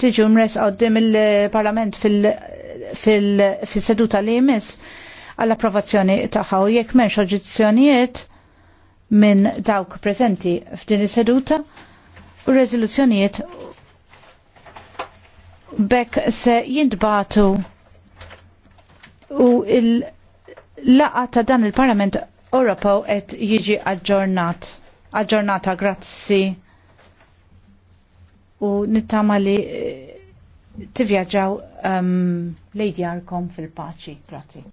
tiġu mres għoddim il-parlament fil-seduta li jmiss għall-approvazzjoni taħħa u jekk menx oġġizzjonijiet minn dawk prezenti f'din is-seduta u rezoluzzjonijiet bekk se jintbatu u il-laqa ta' dan il-Parlament Ewropew qed jiġi aġġornat. Aġġornata grazzi u nittama li eh, tivjaġaw um, ehm, lejdjarkom fil-paċi. Grazie.